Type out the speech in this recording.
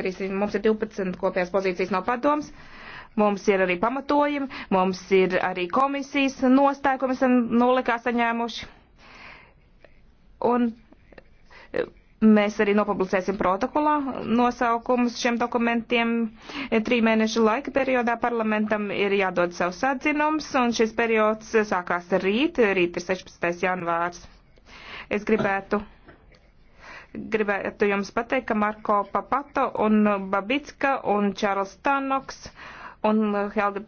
izdarīsim. Mums ir 12 kopējās pozīcijas no padoms. Mums ir arī pamatojumi, mums ir arī komisijas nostāja, ko mēs esam nolikā nu, saņēmuši. Un e, Mēs arī nopublicēsim protokolā nosaukumus šiem dokumentiem. E, trī mēnešu laika periodā parlamentam ir jādod savs atzinums, un šis periods sākās rīt, rīt ir 16. janvārs. Es gribētu. Gribētu jums pateikt, ka Marko Papato un Babicka un Čārls Tanoks un Helga